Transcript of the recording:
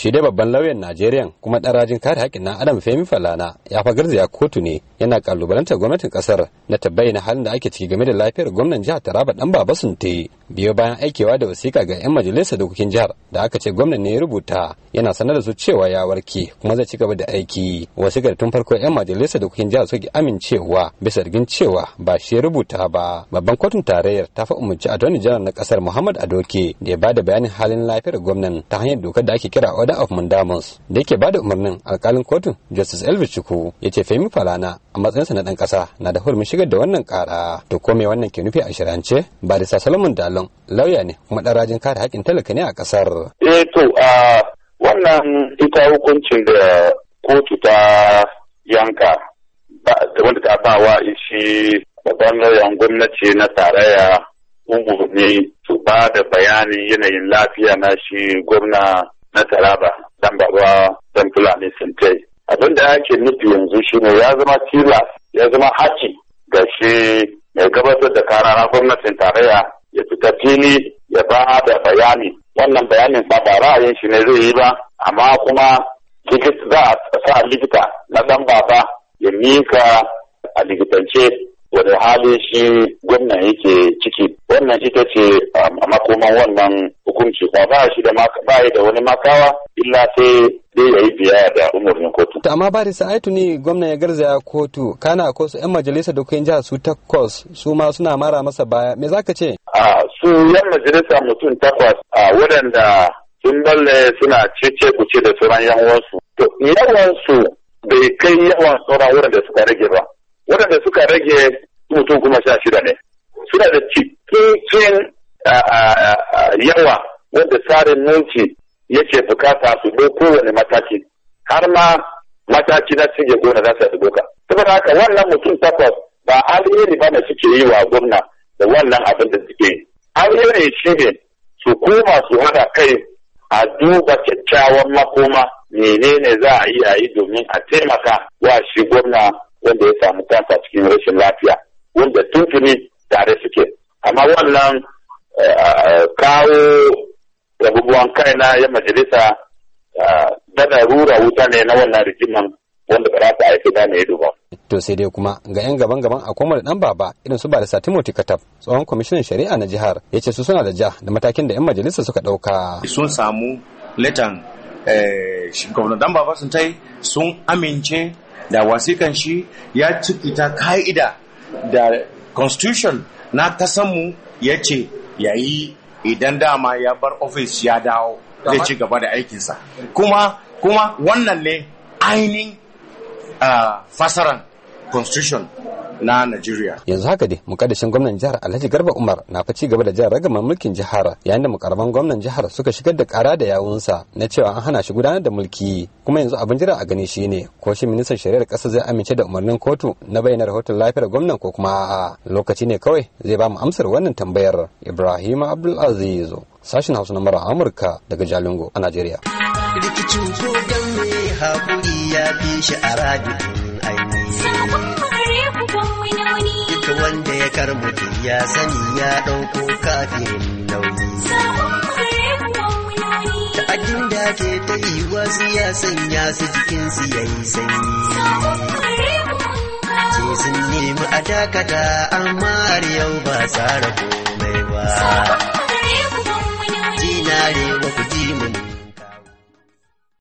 shi dai babban lauyan najeriya kuma dan rajin kare haƙƙin na adam femi falana ya fa garzaya kotu ne yana kalubalantar gwamnatin ƙasar na na halin da ake ciki game da lafiyar gwamnan jihar taraba dan baba biyo bayan aikewa da wasiƙa ga 'yan majalisar dokokin jihar da aka ce gwamnan ne ya rubuta yana sanar da su cewa ya warke kuma zai ci gaba da aiki wasiƙar tun farko 'yan majalisar dokokin jihar suke amincewa bisa rigin cewa ba shi ya rubuta ba babban kotun tarayyar ta fa umarci attorney general na kasar muhammad adoke da ya ba da bayanin halin lafiyar gwamnan ta hanyar dokar da ake kira order of mandamus da yake ba da umarnin alkalin kotun justice elvis chuku ya ce femi falana a matsayinsa na ɗan ƙasa na da hurumin shigar da wannan ƙara to ko me wannan ke nufi a shirance ba da salamun Bulam lauya ne kuma ɗan rajin kare haƙƙin talaka ne a ƙasar. Eh to a wannan ita hukuncin da kotu ta yanka wanda ta ba wa ishi, babban lauyan gwamnati na tarayya umarni su ba da bayani yanayin lafiya na shi gwamna na taraba dan baba dan fulani sintai abin da ake nufi yanzu shine ya zama tilas ya zama haki ga shi mai gabatar da karara gwamnatin tarayya ya fita fili ya ba da bayani wannan bayanin ba ba ra'ayin shi ne zai yi ba amma kuma za a sa likita na dan baba ya mika a likitance wani hali shi gwamna yake ciki wannan ita ce um, a makoman wannan hukunci ba ba shi da ba da wani makawa illa sai dai ya yi biya da umarnin kotu. To amma ba da sa'aitu ne gwamna ya garzaya kotu kana ko su 'yan majalisa da kuyin jihar su takwas su ma suna mara masa baya me za ka ce? a su yan majalisa mutum takwas a waɗanda sun balle suna cece kuce da sauran yawansu. To yawansu bai kai yawan sauran waɗanda suka rage ba. Waɗanda suka rage mutum kuma sha shida ne. Suna da cikin yawa wanda tsarin mulki yake bukata su bo kowane mataki. Har ma mataki na cinye gona za su ɗauka. Saboda haka wannan mutum takwas ba alheri ba da suke yi wa gwamna. da wannan abin da suke har irin shirin ne su koma su haɗa kai a duba kyakkyawan makoma menene za a yi a yi domin a taimaka wa shi gwamna wanda ya samu kansa cikin rashin lafiya wanda tuntuni tare suke amma wannan eh, kawo rabubuwan na, ya majalisa eh, dana rura wuta ne na wannan rigiman wanda ba za ta aiki da ne ba. to sai dai kuma ga yan gaban gaban a komar dan baba irin su ba barisa timothy katab tsohon kwamishinan shari'a na jihar ya ce su suna da ja da matakin da yan majalisa suka dauka sun samu letan eh, gwamnan dan baba sun tai sun amince da wasikan shi ya cikita ka'ida da constitution na kasanmu ya ce yayi idan dama ya bar ofis ya dawo zai ci gaba da aikinsa kuma kuma wannan ne ainihin ah, fasaran constitution na Najeriya. Yanzu haka dai mukaddashin gwamnan jihar Alhaji Garba Umar na fa ci gaba da jan ragamar mulkin jihar yayin da mukarban gwamnan jihar suka shigar da kara da yawunsa na cewa an hana shi gudanar da mulki kuma yanzu abin jira a gani shi ne ko shi ministan shari'ar ƙasa zai amince da umarnin kotu na bayyana rahoton lafiyar gwamnan ko kuma a'a lokaci ne kawai zai ba mu amsar wannan tambayar Ibrahim Abdul Aziz sashin Hausa na mara Amurka daga Jalingo a Najeriya. Rikicin ko dan haƙuri ya bi shi a radio Duk wanda ya karmutu ya sani ya ɗauko kafin nauyi. Ta'addin da ke ta yi wasu ya sanya su jikin ya yi sanyi. Ce sun nemi a dakata amma har yau ba tsara ko